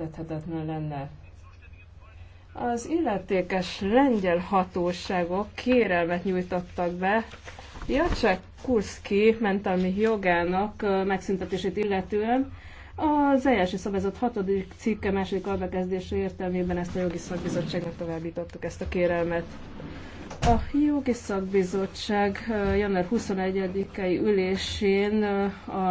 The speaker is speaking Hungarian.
elengedhetetlen lenne. Az illetékes lengyel hatóságok kérelmet nyújtottak be Jacek Kurszki mentelmi jogának megszüntetését illetően, az eljárási szabályzat 6. cikke második albekezdése értelmében ezt a jogi szakbizottságnak továbbítottuk ezt a kérelmet. A jogi szakbizottság január 21-i ülésén a